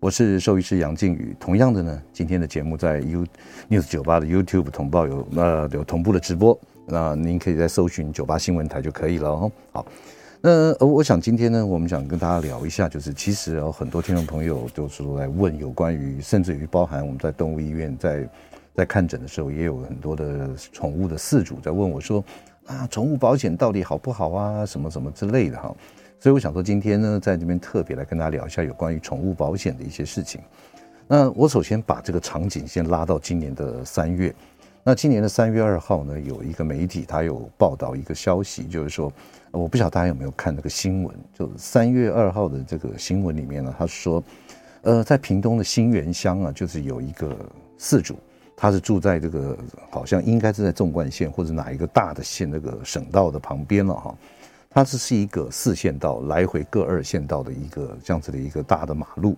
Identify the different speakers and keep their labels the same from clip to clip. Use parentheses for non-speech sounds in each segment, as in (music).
Speaker 1: 我是獸醫師楊靜宇。同樣的呢，今天的節目在 You News 九八的 YouTube 同胞有，那、呃、有同步的直播。那您可以在搜尋九八新聞台就可以了哦。好，那我想今天呢，我們想跟大家聊一下，就是其實、呃、很多聽眾朋友都是來問有關於，甚至於包含我們在動物醫院在在看診的時候，也有很多的寵物的飼主在問我說，啊，寵物保險到底好不好啊？什麼什麼之類的哈。所以我想說，今天呢，在這邊特別來跟大家聊一下有關於寵物保險的一些事情。那我首先把這個場景先拉到今年的三月。那今年的三月二號呢，有一個媒體他有報道一個消息，就是說，我不曉得大家有沒有看那個新聞？就三月二號的這個新聞裡面呢，他說，呃，在屏東的新園鄉啊，就是有一個飼主，他是住在這個好像應該是在縱貫線或者哪一個大的縣，那個省道的旁邊了哈。它是一個四線道，來回各二線道的一個這樣子的一個大的馬路。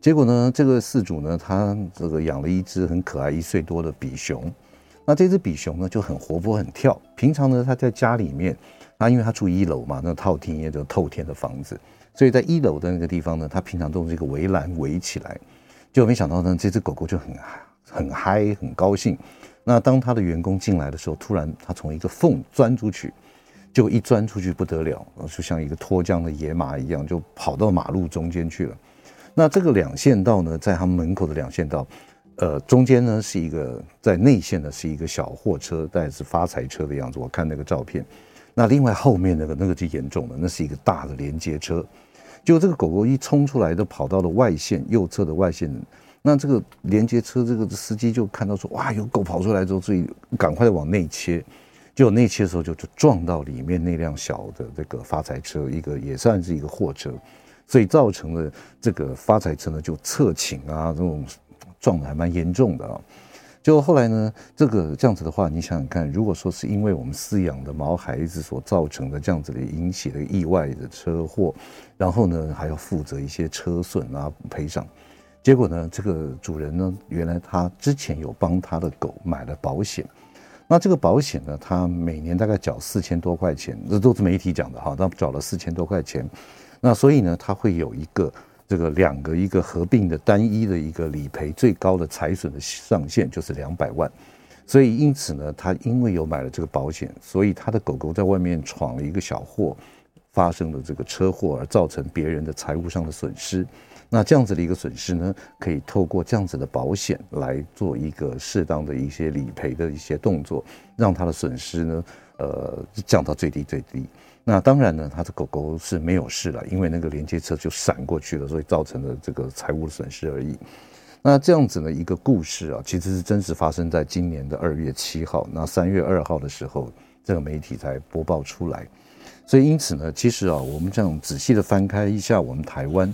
Speaker 1: 結果呢，這個飼主呢，他這個養了一隻很可愛一歲多的比熊。那這隻比熊呢，就很活潑，很跳。平常呢，它在家裡面，那因為他住一樓嘛，那套廳也就是透天的房子，所以在一樓的那個地方呢，他平常都是一個圍欄圍起來。結果沒想到呢，這隻狗狗就很很嗨，很高興。那當他的員工進來的時候，突然他從一個縫鑽出去。就一鑽出去不得了，就像一個脫韁的野馬一樣，就跑到馬路中間去了。那這個兩線道呢，在他們門口的兩線道，呃，中間呢是一個在內線的，是一個小貨車，但是發財車的樣子。我看那個照片。那另外後面那個那個就嚴重了，那是一個大的連接車。就這個狗狗一衝出來，就跑到了外線右側的外線。那這個連接車這個司機就看到說，哇，有狗跑出來之後，所以趕快往內切。就那期的時候，就就撞到裡面那輛小的這個發財車，一個也算是一個貨車，所以造成了這個發財車呢就側傾啊，這種撞得還蠻嚴重的啊。就後來呢，這個這樣子的話，你想想看，如果說是因為我們飼養的毛孩子所造成的這樣子的引起的意外的車禍，然後呢還要負責一些車損啊賠償，結果呢這個主人呢原來他之前有幫他的狗買了保險。那這個保險呢，它每年大概繳四千多塊錢，這都是媒體講的哈。那繳了四千多塊錢，那所以呢，它會有一個這個兩個一個合併的單一的一個理賠最高的財損的上限就是兩百萬。所以因此呢，他因為有買了這個保險，所以他的狗狗在外面闖了一個小禍，發生了這個車禍而造成別人的財務上的損失。那這樣子的一個損失呢，可以透過這樣子的保險來做一個適當的一些理賠的一些動作，讓他的損失呢，呃，降到最低最低。那當然呢，他的狗狗是沒有事了，因為那個連接車就閃過去了，所以造成了這個財務的損失而已。那這樣子的一個故事啊，其實是真實發生在今年的二月七號，那三月二號的時候，這個媒體才播報出來。所以因此呢，其實啊，我們這樣仔細的翻開一下我們台灣。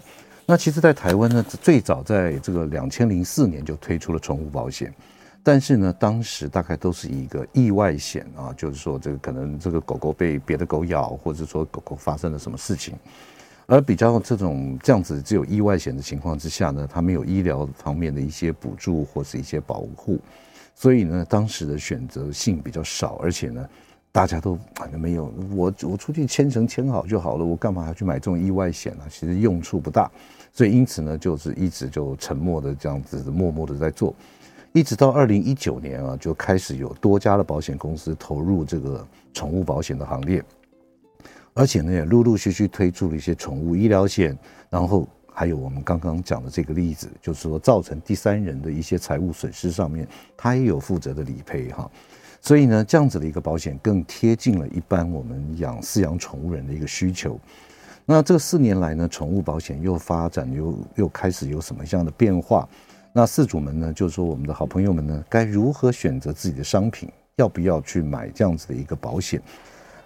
Speaker 1: 那其實，在台灣呢，最早在這個兩千零四年就推出了寵物保險，但是呢，當時大概都是一個意外險啊，就是說這個可能這個狗狗被別的狗咬，或者說狗狗發生了什麼事情，而比較這種這樣子只有意外險的情況之下呢，它沒有醫療方面的一些補助或是一些保護，所以呢，當時的選擇性比較少，而且呢，大家都反正沒有我我出去牽繩牽好就好了，我幹嘛還要去買這種意外險呢、啊？其實用處不大。所以，因此呢，就是一直就沉默的這樣子，默默的在做，一直到二零一九年啊，就開始有多家的保險公司投入這個寵物保險的行列，而且呢，也陸陸續續推出了一些寵物醫療險，然後還有我們剛剛講的這個例子，就是說造成第三人的一些財務損失上面，他也有負責的理賠哈。所以呢，這樣子的一個保險更貼近了一般我們養飼養寵物人的一個需求。那這四年來呢，寵物保險又發展又又開始有什麼樣的變化？那飼主們呢，就是說我們的好朋友們呢，該如何選擇自己的商品？要不要去買這樣子的一個保險？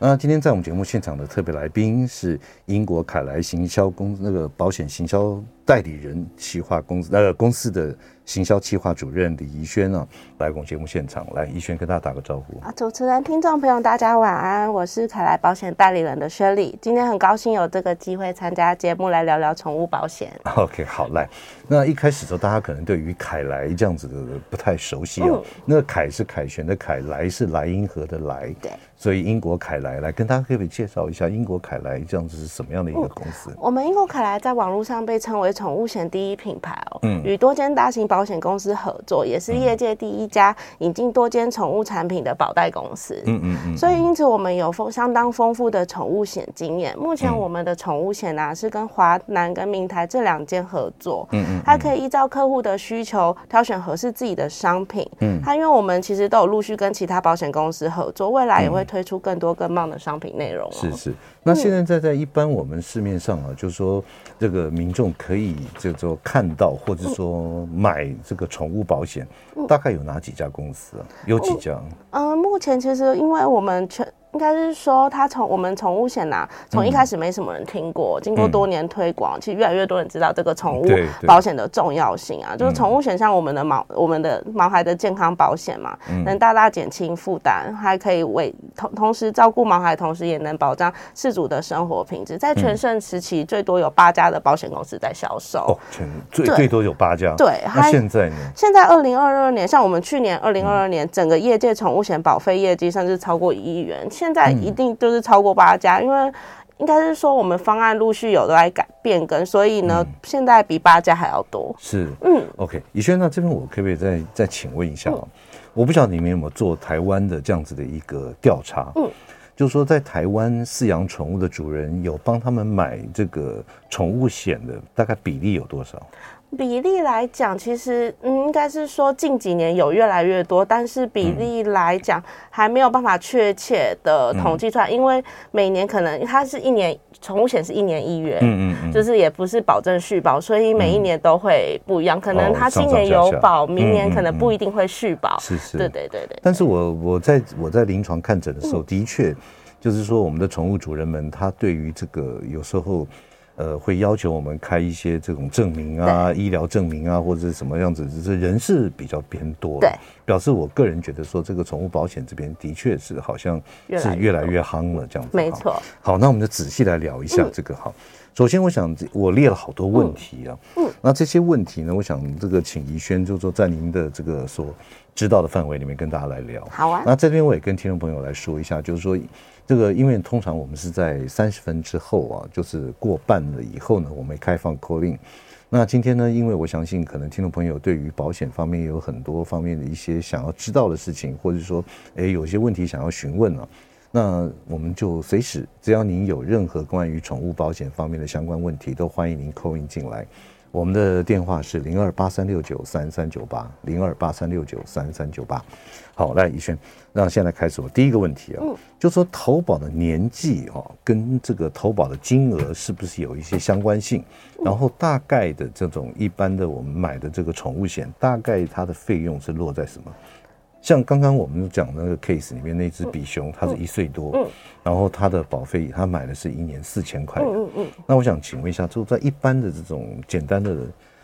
Speaker 1: 那今天在我們節目現場的特別來賓是英國凱萊行銷公那個保險行銷。代理人企劃公司呃公司的行銷企劃主任李怡萱呢，來我們節目現場。來，怡萱跟大家打個招呼
Speaker 2: 啊。主持人聽眾朋友大家晚安，我是凱萊保險代理人的薛麗，今天很高興有這個機會參加節目來聊聊寵物保險
Speaker 1: OK 好，來那一開始的時候大家可能對於凱萊這樣子的不太熟悉哦。啊。嗯、那凱是凱旋的凱，萊是萊茵河的萊。對，所以英國凱萊，來跟大家可不可以介紹一下英國凱萊這樣子是什麼樣的一個公司？嗯、
Speaker 2: 我們英國凱萊在網絡上被稱為寵物險第一品牌哦，嗯，與多間大型保險公司合作，也是業界第一家引進多間寵物產品的保代公司，嗯嗯嗯，嗯嗯所以因此我們有豐相當豐富的寵物險經驗。目前我們的寵物險啊、嗯、是跟華南跟明台這兩間合作，嗯嗯，它、嗯、可以依照客戶的需求挑選合適自己的商品，嗯，它因為我們其實都有陸續跟其他保險公司合作，未來也會推出更多更棒的商品內
Speaker 1: 容、哦。是是，那現在在在一般我們市面上啊，就是說。這個民眾可以就說看到，或者說買這個寵物保險，大概有哪幾家公司、啊、有幾家嗯？
Speaker 2: 嗯，嗯、呃，目前其實因為我們全。應該是說，他從我們寵物險啊，從一開始沒什麼人聽過，經過多年推廣，其實越來越多人知道這個寵物保險的重要性啊。就是寵物險像我們的毛我們的毛孩的健康保險嘛，能大大減輕負擔，還可以為同同時照顧毛孩，同時也能保障飼主的生活品質。在全盛時期，最多有八家的保險公司在銷售哦，
Speaker 1: 全最最多有八家。對、對，他現在
Speaker 2: 呢？現在二零二二年，像我們去年二零二二年，整個業界寵物險保費業績甚至超過一億元。現在一定就是超過八家，嗯、因為應該是說我們方案陸續有都來改變更，所以呢，嗯、現在比八家還要多。
Speaker 1: 是，嗯，OK，怡萱，那這邊我可以不可以再再請問一下、哦？嗯、我不曉得你們有沒有做台灣的這樣子的一個調查？嗯，就是說在台灣飼養寵物的主人有幫他們買這個寵物險的，大概比例有多少？
Speaker 2: 比例來講，其實嗯，應該是說近幾年有越來越多，但是比例來講、嗯、還沒有辦法確切的統計出來，嗯、因為每年可能它是一年寵物險是一年一月，嗯，嗯嗯，就是也不是保證續保，所以每一年都會不一樣，可能它今年有保，哦、上上下下明年可能不一定會續保。嗯嗯嗯是是，對，對對對對。
Speaker 1: 但是我我在我在臨床看診的時候，嗯、的確就是說我們的寵物主人們，他對於這個有時候。呃，會要求我們開一些這種證明啊，對醫療證明啊，或者是什麼樣子，只是人是比較偏多。對，表示我個人覺得說，這個寵物保險這邊的確是好像是越來越夯了這樣子。沒錯錯。好，那我們就仔細來聊一下這個哈、嗯。首先，我想我列了好多問題啊。嗯。嗯，那這些問題呢，我想這個請怡萱，就是說在您的這個所知道的範圍裡面跟大家來聊。好啊。那這邊我也跟聽眾朋友來說一下，就是說。這個因為通常我們是在三十分之後啊，就是過半了以後呢，我們開放 call in。那今天呢，因為我相信可能聽眾朋友對於保險方面有很多方面的一些想要知道的事情，或者說誒有些問題想要詢問啊，那我們就隨時，只要您有任何關於寵物保險方面的相關問題，都歡迎您 call in 進來。我們的電話是零二八三六九三三九八零二八三六九三三九八。好嘞，怡萱，那現在開始，我第一個問題啊、哦，嗯、就是說投保的年紀啊、哦，跟這個投保的金額是不是有一些相關性？嗯、然後大概的這種一般的我們買的這個寵物險，大概它的費用是落在什麼？像剛剛我們講的那個 case 裡面，那隻比熊，它是一歲多，然後它的保費，它買的是一年四千塊，嗯嗯那我想請問一下，就在一般的這種簡單的，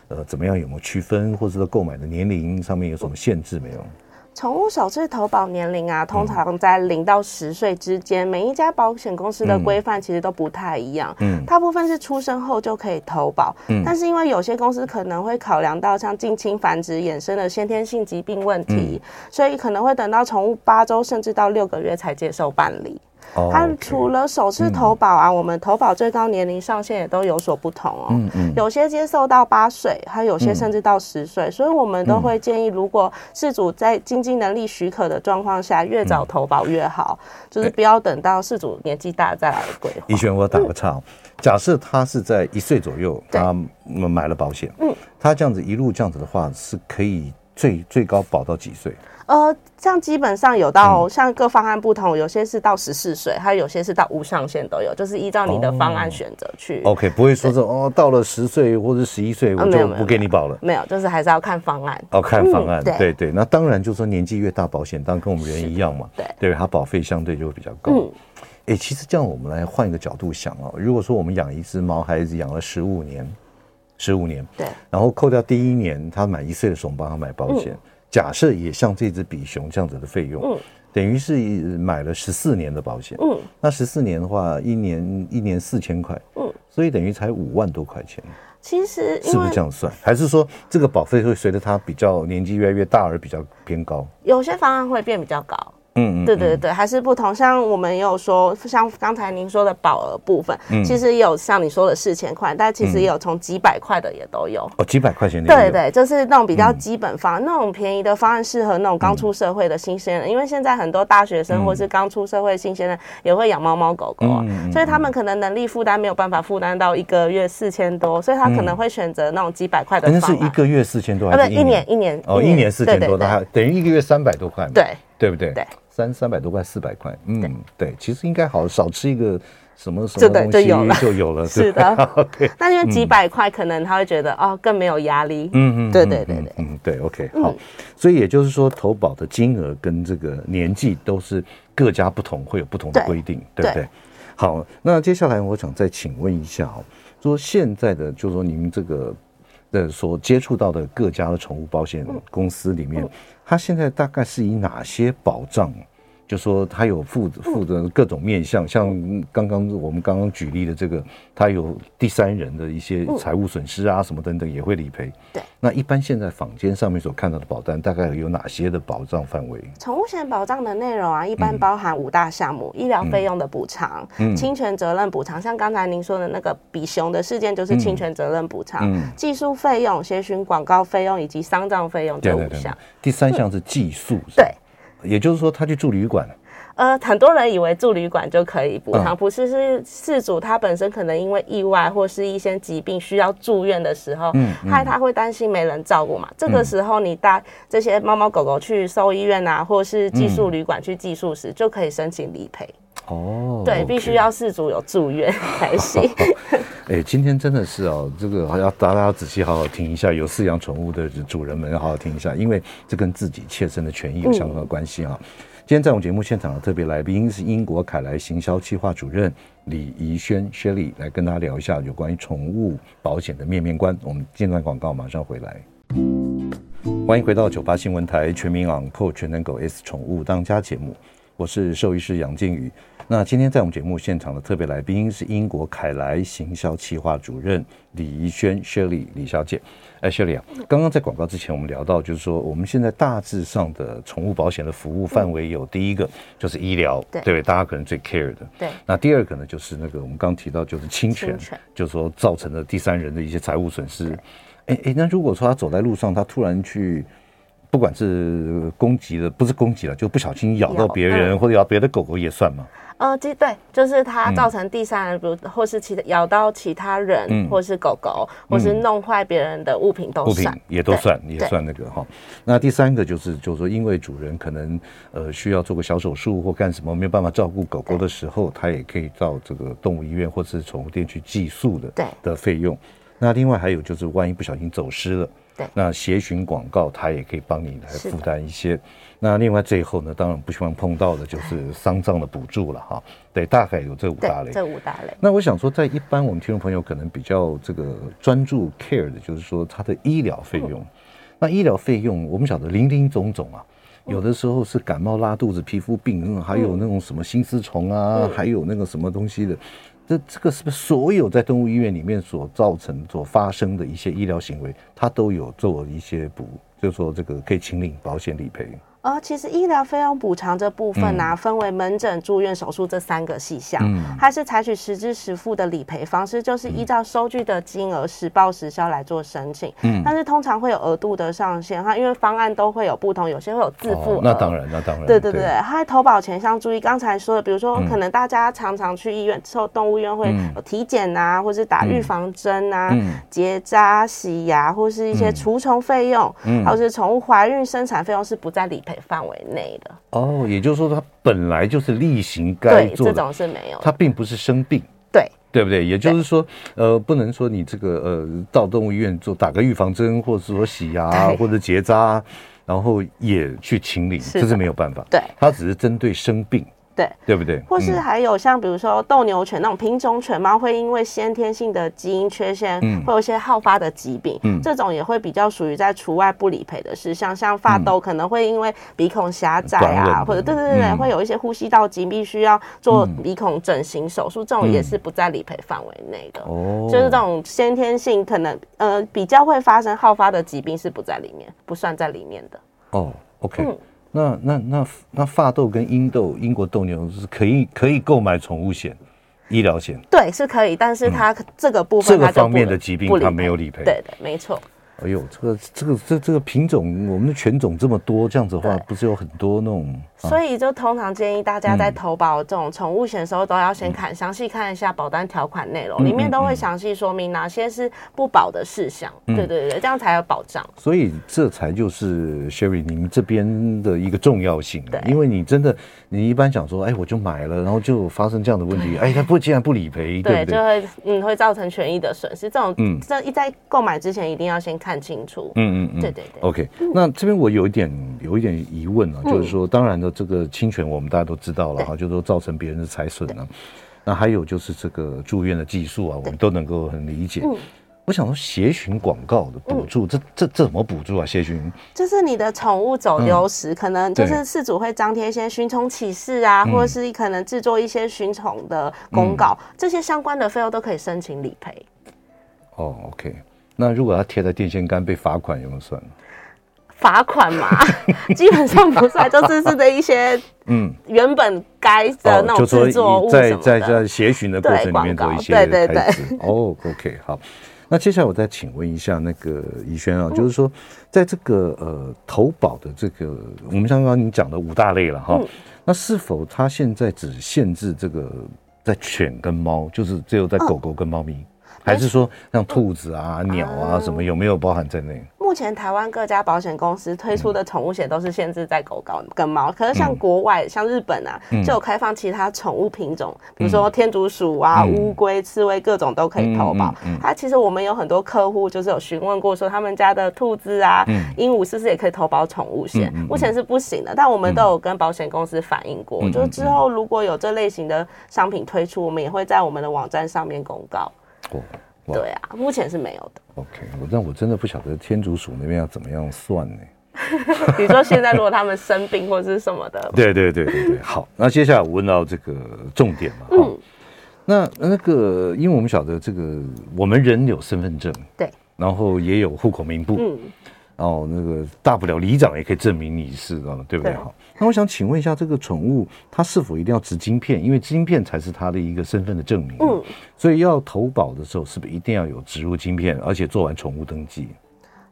Speaker 1: 呃，怎麼樣有沒有區分，或者說購買的年齡上面有什麼限制沒有？
Speaker 2: 寵物首次投保年齡啊，通常在零到十歲之間。嗯，每一家保險公司的規範其實都不太一樣。嗯，大部分是出生後就可以投保。嗯，但是因為有些公司可能會考量到像近親繁殖衍生的先天性疾病問題，嗯，所以可能會等到寵物八周甚至到六個月才接受辦理。Oh, okay. 他除了首次投保啊，嗯、我們投保最高年齡上限也都有所不同哦。嗯嗯，嗯有些接受到八歲，還有些甚至到十歲。嗯、所以，我們都會建議，如果飼主在經濟能力許可的狀況下，越早投保越好，嗯、就是不要等到飼主年紀大
Speaker 1: 再來規劃、欸。怡萱，我打個岔、嗯、假設他是在一歲左右，對他買了保險，嗯，他這樣子一路這樣子的話，是可以最最高保到幾歲？
Speaker 2: 呃，像基本上有到、嗯、像各方案不同，有些是到十四歲，還有，有些是到無上限都有，就是依照你的方案選擇去、哦。OK，
Speaker 1: 不會說這對哦，到了十歲或者十一歲，呃、我就不給你保了、呃沒有沒有沒有。
Speaker 2: 沒有，就是還是要看方案。哦，看方案，嗯、對對，
Speaker 1: 對那當然就是說年紀越大保，保險當然跟我們人一樣嘛。對，對，它保費相對就會比較高。哎、嗯欸，其實這樣我們來換一個角度想哦，如果說我們養一只毛孩子養了十五年，十五年，對，然後扣掉第一年，他滿一歲的時候，我們幫他買保險。嗯假設也像這隻比熊這樣子的費用，嗯，等於是買了十四年的保險，嗯，那十四年的話一年，一年一年四千塊，嗯，所以等於才五萬多塊錢。
Speaker 2: 其實是不是這樣
Speaker 1: 算？還是說這個保費會隨着他比較年紀越來越大而比較偏高？
Speaker 2: 有些方案會變比較高。嗯，對對對，還是不同。像我們也有說，像剛才您說的保額部分，其實也有像你說的四千塊，但其實也有從幾百塊的也都有。
Speaker 1: 哦，幾百塊錢的。對
Speaker 2: 對，就是那種比較基本方案，那種便宜的方案適合那種剛出社會的新鮮人，因為現在很多大學生或是剛出社會新鮮人也會養貓貓狗狗，所以他們可能能力負擔沒有辦法負擔到一個月四千多，所以他可能會選擇那種幾百塊的方案。真是一個
Speaker 1: 月四千多，還是一年一年哦，一年四千多，那等於一個月三百多塊嘛？對，對不對？三三百多塊，四百塊，嗯，對，對，其實應該好少吃一個什麼什麼的東西就有了，就有了，有了 (laughs) 是的。那 (laughs) Okay, 因為幾百
Speaker 2: 塊、嗯，可能他會覺得哦，更沒有壓力，嗯嗯，對、嗯、對對對，
Speaker 1: 嗯，嗯對，OK，嗯好。所以也就是說，投保的金額跟這個年紀都是各家不同，會有不同的規定，對，對不對？對好，那接下來我想再請問一下哦，說現在的就是說您這個。的所接觸到的各家的寵物保險公司裡面，它現在大概是以哪些保障？就說他有負負責各種面向，像剛剛我們剛剛舉例的這個，他有第三人的一些財務損失啊什麼等等也會理賠。對。那一般現在坊間上面所看到的保單大的保，嗯，嗯，保單大概有哪些的保障範圍？
Speaker 2: 寵物險保障的內容啊，一般包含五大項目：嗯，醫療費用的補償、嗯嗯，侵權責任補償。像剛才您說的那個比熊的事件，就是侵權責任補償，嗯嗯，寄宿費用、協尋、嗯、廣告費用以及喪葬費用這五項。對對對對。
Speaker 1: 第三項是寄宿是，嗯、對。也就是說，他去住旅館。
Speaker 2: 呃，很多人以為住旅館就可以補償，不、哦、是？是飼主他本身可能因為意外或是一些疾病需要住院的時候，嗯，嗯害他會擔心沒人照顧嘛？這個時候，你帶這些貓貓狗狗去獸醫院啊，嗯、或是寄宿旅館去寄宿時，就可以申請理賠。嗯嗯
Speaker 1: 哦，oh, okay. 對，必須
Speaker 2: 要事主有住院才行。
Speaker 1: 哎、oh, oh, oh. 欸，今天真的是哦、啊，這個要大家要仔細好好聽一下，有飼養寵物的主人們要好好聽一下，因為這跟自己切身的權益有相當的關係啊。嗯、今天在我們節目現場的特別來賓是英國凱萊行銷企劃主任李怡萱 Shirley 來跟大家聊一下有關於寵物保險的面面觀。我們中斷廣告，馬上回來。嗯、歡迎回到九八新聞台《全民昂購全能狗 S 寵物當家》節目。我是獸醫師楊靜宇。那今天在我們節目現場的特別來賓是英國凱萊行銷企劃主任李怡萱 （Shirley） 李小姐。哎，Shirley，剛、啊、剛在廣告之前，我們聊到就是說，我們現在大致上的寵物保險的服務範圍有第一個就是醫療，嗯、對，對，對大家可能最 care 的。對。那第二個呢，就是那個我們剛提到就是侵權，全就是說造成了第三人的一些財務損失。哎哎對、欸欸，那如果說他走在路上，他突然去。不管是攻擊的，不是攻擊了，就不小心咬到別人，嗯、或者咬別的狗狗也算嗎？
Speaker 2: 呃，這對，就是它，造成第三人，比如，嗯、或是其他咬到其他人，或是狗狗，嗯、或是弄壞別人的物品都算，物品也都算，對也算那個哈。
Speaker 1: 對對那第三個就是，就是說因為主人可能呃需要做個小手術或幹什麼，沒有辦法照顧狗狗的時候，對他也可以到這個動物醫院或是寵物店去寄宿的，對的費用。那另外還有就是，萬一不小心走失了，那協尋廣告，它也可以幫你來負擔一些。是那另外最後呢，當然不希望碰到的就是喪葬的補助了哈。對，大概有這五大類。這五大類。那我想說，在一般我們聽眾朋友可能比較這個專注 care 的就是說他的醫療費用。嗯、那醫療費用我們曉得林林總總啊，有的時候是感冒、拉肚子、皮膚病，還有那種什麼心絲蟲啊，還有那個什麼東西的。嗯嗯這這個是不是所有在動物醫院裡面所造成、所發生的一些醫療行為，它都有做一些補，就是說這個可以請領保險理賠？
Speaker 2: 呃，其實醫療費用補償這部分呢、啊，嗯、分為門診、住院、手術這三個細項，它、嗯、是採取實支實付的理賠方式，就是依照收據的金額實報實銷來做申請。嗯、但是通常會有額度的上限哈，因為方案都會有不同，有些會有自付額、哦、那當
Speaker 1: 然，那當然。對對對，對他
Speaker 2: 在投保前像注意剛才說的，比如說可能大家常常去醫院、獸動物醫院會有體檢啊，或是打預防針啊、嗯、結扎、洗牙，或是一些除蟲費用，嗯、或是寵物懷孕生產費用是不在理賠。範
Speaker 1: 圍內的哦。oh, 也就是說，它本來就是例行該做的，這種是沒有，它並不是生病，對對不對？也就是說，對呃，不能說你這個呃，到動物醫院做打個預防針，或者說洗牙、啊、對或者結扎，然後也去清理，對這是沒有辦法，對，它只是針對生病。對對不對？或是
Speaker 2: 還有像比如說鬥牛犬那種品種犬貓，會因為先天性的基因缺陷，嗯，會有一些好發的疾病，嗯，嗯這種也會比較屬於在除外不理賠的事項，嗯、像法鬥可能會因為鼻孔狹窄啊，或者對對，對對對，嗯、會有一些呼吸道疾病，需要做鼻孔整形手術，嗯、這種也是不在理賠範圍內的。哦，就
Speaker 1: 是這種
Speaker 2: 先天性可能呃比較會發生好發的疾病是不在裡面，不算在裡面的。
Speaker 1: 哦，OK、嗯。那那那那，法鬥跟英鬥、英國鬥牛是可以可以購買寵物險、醫療險，
Speaker 2: 對，是可以，但是它這個部分不、嗯，這個方面的疾病它沒有理賠，理對，對對，沒錯。
Speaker 1: 哎呦，這個這個這這個品種，我們的犬種這麼多，這樣子的話不是有很多那種，對啊、所
Speaker 2: 以就通常建議大家在投保這種寵物險的時候，都要先看，嗯、詳細看一下保單條款內容，嗯嗯嗯、裡面都會詳細說明哪些是不保的事項。嗯、對對對，這樣才有保障。
Speaker 1: 所以這才就是 Sherry 你們這邊的一個重要性，對因為你真的，你一般想說，哎，我就買了，然後就發生這樣的問題，對哎，他不竟然不理賠，對不對？
Speaker 2: 就會嗯會造成權益的損失。這種、嗯、這一在購買之前一定要先看。看清楚，
Speaker 1: 嗯嗯嗯，對對對，OK。那這邊我有一點有一點疑問啊，就是說，當然的這個侵權，我們大家都知道了哈，就是說造成別人的財損了。那還有就是這個住院的技術啊，我們都能夠很理解。我想說，協尋廣告的補助，這這怎麼補助啊？協尋
Speaker 2: 就是你的寵物走丟時，可能就是事主會張貼一些尋寵啟事啊，或者是可能制作一些尋寵的公告，這些相關的費用都可以申請理賠。
Speaker 1: 哦，OK。那如果他貼在電線桿被罰款，有沒有算？
Speaker 2: 罰款嘛， (laughs) 基本上不算，就是是的一些，
Speaker 1: 嗯，
Speaker 2: 原本該的那種製作物什麼的、嗯哦、就說在在在，在
Speaker 1: 協尋的過程裡面，做一些台詞，對，對對，哦、oh，OK，好。那接下來我再請問一下那個怡萱啊，嗯、就是說，在這個呃投保的這個，我們像剛剛你講的五大類了哈，哦嗯、那是否它現在只限制這個在犬跟貓，就是只有在狗狗跟貓咪？哦還是說像兔子啊、鳥啊什麼有沒有包含在內？
Speaker 2: 目前台灣各家保險公司推出的寵物險都是限制在狗狗跟貓，可是像國外像日本啊就有開放其他寵物品種，比如說天竺鼠啊、烏龜、刺蝟各種都可以投保。它其實我們有很多客戶就是有詢問過說他們家的兔子啊、鸚鵡是不是也可以投保寵物險？目前是不行的，但我們都有跟保險公司反映過，就是之後如果有這類型的商品推出，我們也會在我們的網站上面公告。哦、對啊，目前是沒
Speaker 1: 有的。OK，我但我真的不曉得天竺鼠那邊要怎麼樣算呢、欸？ (laughs)
Speaker 2: 你說現在如果他們生病或者什麼的，對 (laughs) 對對對對。
Speaker 1: 好，那接下來我問到這個重點嘛。嗯、哦，那那個，因為我們曉得這個，我們人有身份證，對，然後也有戶口名簿，嗯。哦，那個大不了里長也可以證明你是，知道嗎？對不對？對。好，那我想請問一下，這個寵物它是否一定要植晶片？因為晶片才是它的一個身份的證明。嗯，所以要投保的時候，是不是一定要有植入晶片，而且做完寵物登記？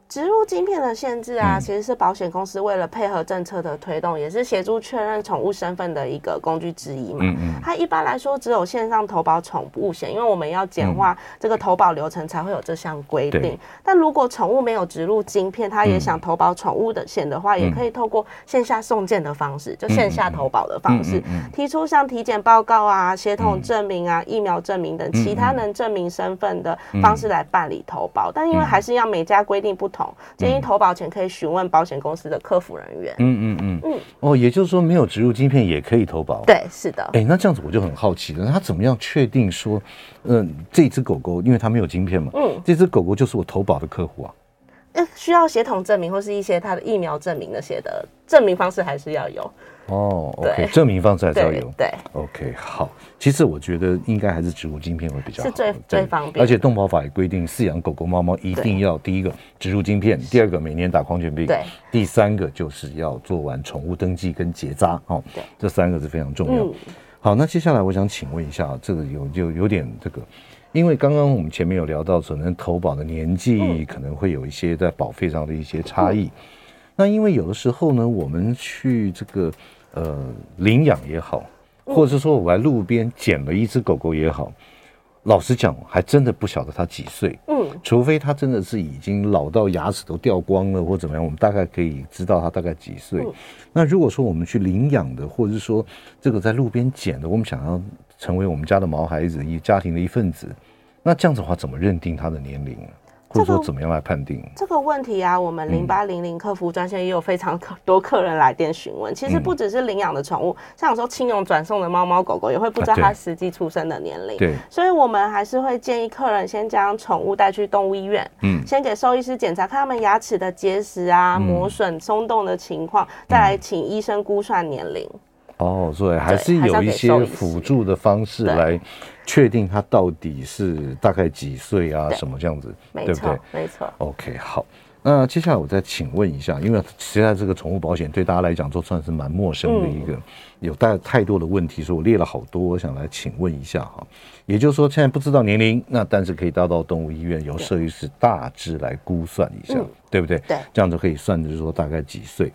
Speaker 2: 植入晶片的限制啊，其實是保險公司為了配合政策的推動，也是協助確認寵物身份的一個工具之一嘛。它、嗯嗯、一般來說只有線上投保寵物險，因為我們要簡化這個投保流程，才會有這項規定。嗯、但如果寵物沒有植入晶片，它也想投保寵物的險的話，也可以透過線下送件的方式，就線下投保的方式，提出像體檢報告啊、血統證明啊、嗯、疫苗證明等其他能證明身份的方式來辦理投保。但因為還是要每家規定不。建議投保前可以詢問保險公司的客服人員。
Speaker 1: 嗯嗯嗯嗯。嗯嗯哦，也就是說沒有植入晶片也可以投保。對，是的。哎、欸，那這樣子我就很好奇了，那他怎麼樣確定說，嗯、呃，這隻狗狗，因為它沒有晶片嘛，嗯，這隻狗狗就是我投保的客戶啊。哎、嗯，
Speaker 2: 需要血統證明或是一些它的疫苗證明那些的證明方式還是要
Speaker 1: 有。哦，OK 證明方式還是要有，對，對，OK，好。其實我覺得應該還是植入晶片會比較好是最對最方便，而且動保法也規定，飼養狗狗、貓貓一定要第一個植入晶片，對第二個每年打狂犬病，對，第三個就是要做完寵物登記跟結紮對哦，這三個是非常重要。嗯、好，那接下來我想請問一下，這個有就有點這個，因為剛剛我們前面有聊到，可能投保的年紀可能會有一些在保費上的一些差異，嗯嗯、那因為有的時候呢，我們去這個。呃，領養也好，或者是說我在路邊撿了一隻狗狗也好，老實講，還真的不曉得它幾歲。嗯，除非它真的是已經老到牙齒都掉光了或怎麼樣，我們大概可以知道它大概幾歲。那如果說我們去領養的，或者是說這個在路邊撿的，我們想要成為我們家的毛孩子，一家庭的一份子，那這樣子的話，怎麼認定它的年齡呢？啊？這個或說怎麼樣來判定
Speaker 2: 這個問題啊？我們零八零零客服專線也有非常、嗯、多客人來電詢問。其實不只是領養的寵物，嗯、像有時候親友轉送的貓貓狗狗，也會不知道它實際出生的年齡。啊、對，所以我們還是會建議客人先將寵物帶去動物醫院，嗯，先給獸醫師檢查看它們牙齒的結石啊、嗯、磨損、鬆動的情況，再來請醫生估算年齡。嗯
Speaker 1: 哦，oh, so、對，還是有一些輔助的方式來確定它到底是大概幾歲啊，對什麼這樣子，沒對不對沒錯。OK，好。那接下來我再請問一下，因為現在這個寵物保險對大家來講都算是蠻陌生的一個，嗯、有帶太多的問題，所以我列了好多，我想來請問一下哈。也就是說，現在不知道年齡，那但是可以到到動物醫院由獸醫師大致來估算一下，對,對不對？對，這樣子可以算就是說大概幾歲。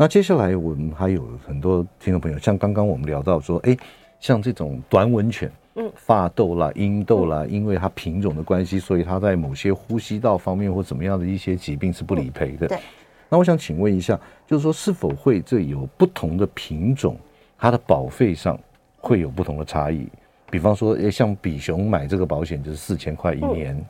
Speaker 1: 那接下來我們還有很多聽眾朋友，像剛剛我們聊到說，哎，像這種短吻犬，嗯，發痘啦、陰痘啦，因為它品種的關係，所以它在某些呼吸道方面或怎麼樣的一些疾病是不理賠的。嗯，對。那我想請問一下，就是說是否會這有不同的品種，它的保費上會有不同的差異？比方說，誒，像比熊買這個保險就是四千塊一年，嗯，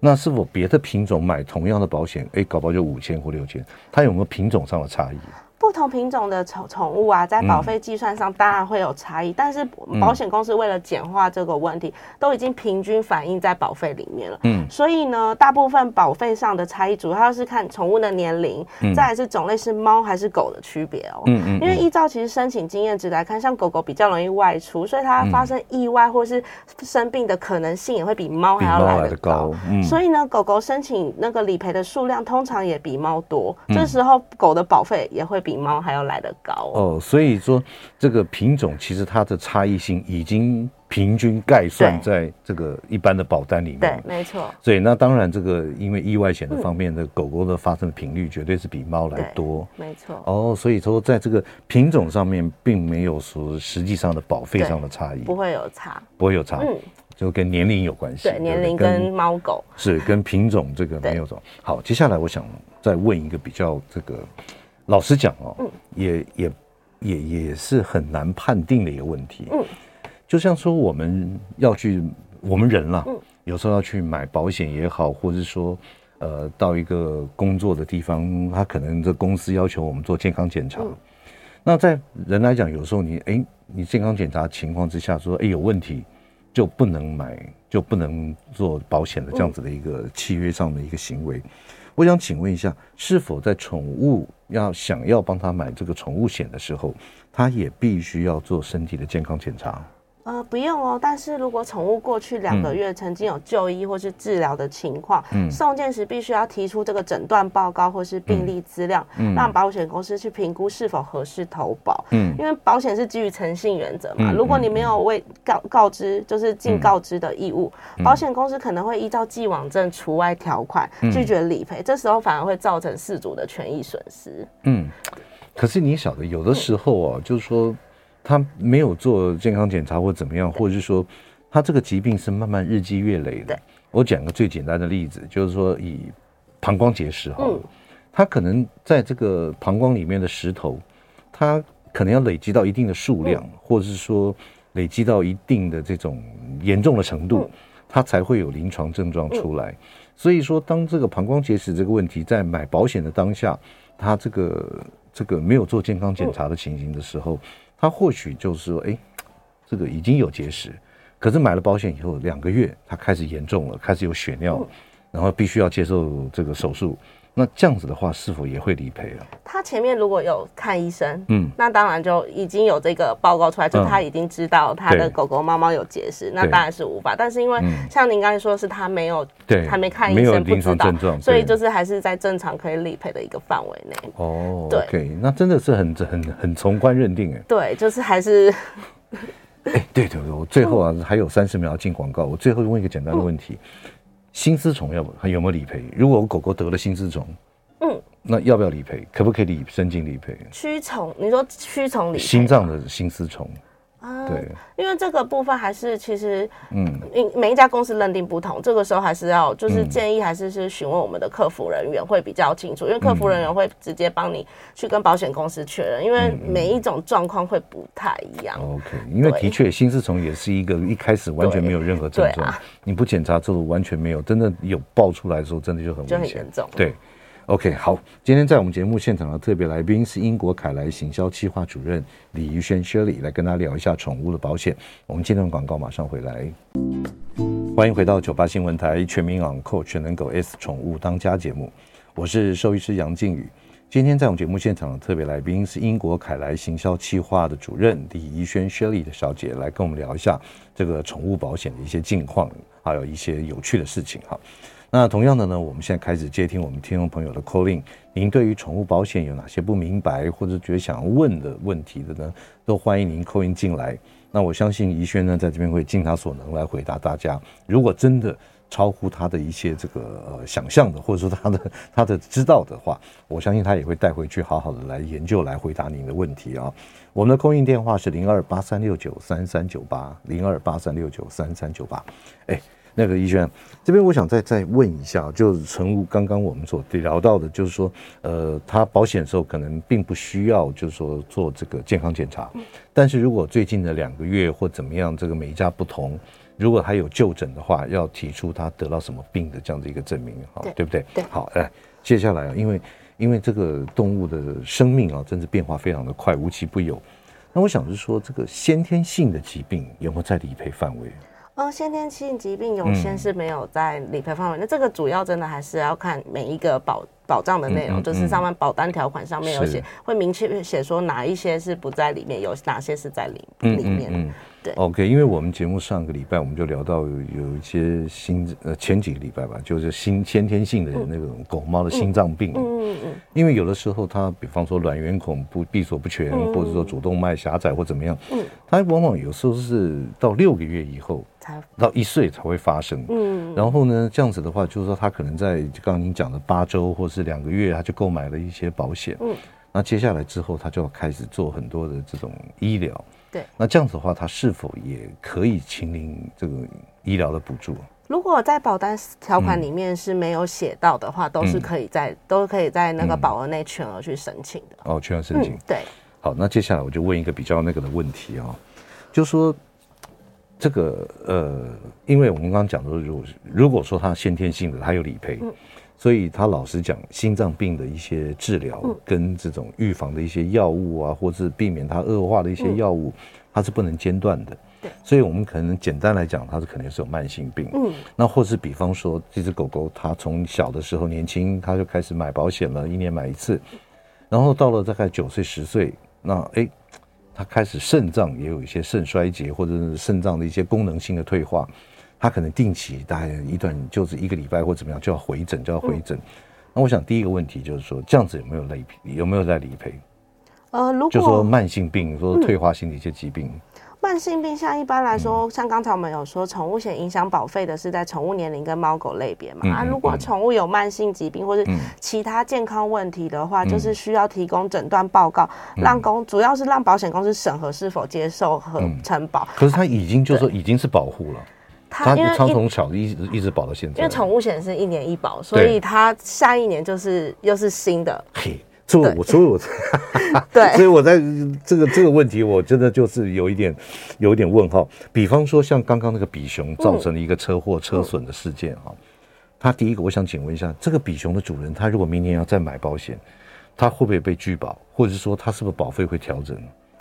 Speaker 1: 那是否別的品種買同樣的保險，哎，搞不好就五千或六千，它有沒有品種上的差異？
Speaker 2: 不同品種的寵寵物啊，在保費計算上當然會有差異，嗯、但是保險公司為了簡化這個問題，嗯、都已經平均反映在保費裡面了。嗯，所以呢，大部分保費上的差異，主要是看寵物的年齡，嗯、再是種類是貓還是狗的區別哦。嗯，嗯，嗯，因為依照其實申請經驗值來看，像狗狗比較容易外出，所以它發生意外或是生病的可能性也會比貓還要來得高、
Speaker 1: 高。嗯。所以
Speaker 2: 呢，狗狗申請那個理賠的數量通常也比貓多，嗯、這時候狗的保費也會比。比貓還要來得高
Speaker 1: 哦，哦，所以說這個品種其實它的差異性已經平均概算在這個一般的保單裡面。對，對，沒錯。所以那當然這個因為意外險的方面這個狗狗的發生頻率絕對是比貓來多，沒錯。哦，所以說在這個品種上面並沒有說實際上的保費上的差異，不會有差，不會有差，嗯、就跟年齡有關係，對，年齡跟
Speaker 2: 貓狗
Speaker 1: 是跟品種這個沒有什麼。對好，接下來我想再問一個比較這個。老實講哦，也也也也是很難判定的一個問題。就像說我們要去，我們人啦、啊，有時候要去買保險也好，或者是說，呃，到一個工作的地方，他可能這公司要求我們做健康檢查。嗯、那在人來講，有時候你哎、欸，你健康檢查情況之下說哎、欸、有問題，就不能買，就不能做保險的這樣子的一個契約上的一個行為。嗯我想請問一下，是否在寵物要想要幫他買這個寵物險的時候，他也必須要做身體的健康檢查？
Speaker 2: 呃，不用哦。但是如果寵物過去兩個月曾經有就醫或是治療的情況，送件、嗯、時必須要提出這個診斷報告或是病歷資料，嗯、讓保險公司去評估是否合適投保。嗯，因為保險是基於誠信原則嘛，嗯、如果你沒有為告告知，嗯、就是盡告知的義務，嗯、保險公司可能會依照既往症除外條款、嗯、拒絕理賠，這時候反而會造成飼主的權益損失。
Speaker 1: 嗯，可是你曉得，有的時候哦，嗯、就是說。他沒有做健康檢查或怎麼樣，或者是說，他這個疾病是慢慢日積月累的。對我講個最簡單的例子，就是說，以膀胱結石哈，它、嗯、可能在這個膀胱裡面的石頭，它可能要累積到一定的數量，嗯、或者是說累積到一定的這種嚴重的程度，它、嗯、才會有臨床症狀出來。嗯、所以說，當這個膀胱結石這個問題在買保險的當下，他這個這個沒有做健康檢查的情形的時候。嗯他或許就是說，哎、欸，這個已經有結石，可是買了保險以後兩個月，他開始嚴重了，開始有血尿，然後必須要接受這個手術。那這樣子的話，是否也會理賠啊？
Speaker 2: 他前面如果有看醫生，嗯，那當然就已經有這個報告出來，就他已經知道他的狗狗、貓貓有結石，那當然是無法。但是因為像您剛才說是他沒有，對，還沒看醫生，沒有臨床症狀，所以就是還是在正常可以理賠的一個範圍內。
Speaker 1: 哦，對，那真的是很很很從寬認定哎。
Speaker 2: 對，就是還是，
Speaker 1: 哎，對對對，我最後啊還有三十秒要進廣告，我最後問一個簡單的問題。心絲蟲要不還有沒有理賠？如果我狗狗得了心絲蟲，嗯，那要不要理賠？可不可以理申請理賠？
Speaker 2: 驅蟲，你說驅蟲理賠心
Speaker 1: 臟的心絲蟲。
Speaker 2: 啊，嗯、對，因為這個部分還是其實，嗯，每一家公司認定不同，這個時候還是要就是建議還是是詢問我們的客服人員會比較清楚。嗯、因為客服人員會直接幫你去跟保險公司確認，嗯、因為每一種狀況會不太一樣。OK，
Speaker 1: 因為的確心絲對蟲也是一個一開始完全沒有任何症狀，啊、你不檢查之後完全沒有，真的有爆出來的時候真的就很危險就很嚴重。對。OK，好，今天在我們節目現場的特別來賓是英國凱萊行銷企劃主任李怡萱 Shirley，來跟大家聊一下寵物的保險。我們今天的廣告馬上回來。歡迎回到九八新聞台全民養 Coach 全能狗 S 寵物當家節目，我是獸醫師楊靜宇。今天在我們節目現場的特別來賓是英國凱萊行銷企劃的主任李怡萱 Shirley 的小姐，來跟我們聊一下這個寵物保險的一些近況，還有一些有趣的事情哈。那同樣的呢，我們現在開始接聽我們聽眾朋友的 call in。您對於寵物保險有哪些不明白或者覺得想問的問題的呢？都歡迎您 call in 進來。那我相信怡萱呢，在這邊會盡他所能來回答大家。如果真的超乎他的一些這個呃想象的，或者說他的他的知道的話，我相信他也會帶回去好好的來研究來回答您的問題啊、哦。我們的 call in 電話是零二八三六九三三九八零二八三六九三三九八。哎。那個怡萱、啊、這邊我想再再問一下，就是誠如剛剛我們所聊到的，就是說，呃，他保險的時候可能並不需要，就是說做這個健康檢查，嗯、但是如果最近的兩個月或怎麼樣，這個每一家不同，如果他有就診的話，要提出他得到什麼病的這樣的一個證明，哈，對，對不對？對，好，來，接下來啊，因為因為這個動物的生命啊，真是變化非常的快，無奇不有。那我想是說，這個先天性的疾病有沒有在理賠範圍？
Speaker 2: 哦，先天性疾病有些是沒有在理賠範圍，那這個主要真的還是要看每一個保。保障的內容，嗯嗯嗯，就是上面保單條款上面有寫，是會明確寫說哪一些是不在裡面，有哪些是在裡裡面。
Speaker 1: 嗯嗯嗯，對，OK。因為我們節目上個禮拜我們就聊到有一些心，呃，前幾個禮拜吧，就是心，先天性的人、嗯、那種狗貓的心臟病。嗯嗯。因為有的時候它，比方說卵圓孔不閉鎖不全，或者說主動脈狹，狹窄或怎麼樣，它、嗯、往往有時候是到六個月以後才到一歲才會發生。嗯。然後呢，這樣子的話，就是說它可能在剛剛您講的八周或者。這兩個月、啊，他就購買了一些保險。嗯，那接下來之後，他就開始做很多的這種醫療。對，那這樣子的話，他是否也可以請領這個醫療的補助？
Speaker 2: 如果在保單條款裡面是沒有寫到的話，嗯、都是可以在、嗯、都是可以在那個保額內全額去申請的。
Speaker 1: 哦，全額申請。嗯、對，好，那接下來我就問一個比較那個的問題啊、哦，就說這個呃，因為我們剛剛講的，如果如果說他先天性的，他有理賠。嗯所以，他老實講，心臟病的一些治療跟這種預防的一些藥物啊，嗯、或者是避免它惡化的一些藥物，嗯、它是不能間斷的。對所以我們可能簡單來講，它是肯定是有慢性病。嗯，那或是比方說，這只狗狗它從小的時候年輕，它就開始買保險了，一年買一次，然後到了大概九歲十歲，那哎，它開始腎臟也有一些腎衰竭，或者是腎臟的一些功能性的退化。他可能定期大概一段就是一個禮拜或怎麼樣就要回診，就要回診、嗯。那我想第一個問題就是說，這樣子有沒有理賠？有沒有在理賠？呃，如果就說慢性病，嗯、說退化性的一些疾病。
Speaker 2: 慢性病像一般來說，嗯、像剛才我們有說，寵物險影響保費的是在寵物年齡跟貓狗類別嘛。嗯、啊，如果寵物有慢性疾病或是其他健康問題的話，嗯、就是需要提供診斷報告，嗯、讓公主要是讓保險公司審核是否接受和承保。嗯、
Speaker 1: 可是他已經就是說已經是保護了。啊
Speaker 2: 它因為從
Speaker 1: 小一直一直保到現在，因為
Speaker 2: 寵物險是一年一保，所以它下一年就是又是新的。
Speaker 1: 嘿，所以，所以我，我 (laughs) 對， (laughs) 所以我在這個這個問題，我真的就是有一點有一點問號。比方說，像剛剛那個比熊造成了一個車禍車損的事件哈，它第一個我想請問一下，這個比熊的主人，他如果明年要再買保險，他會不會被拒保，或者是說他是不是保費會調整？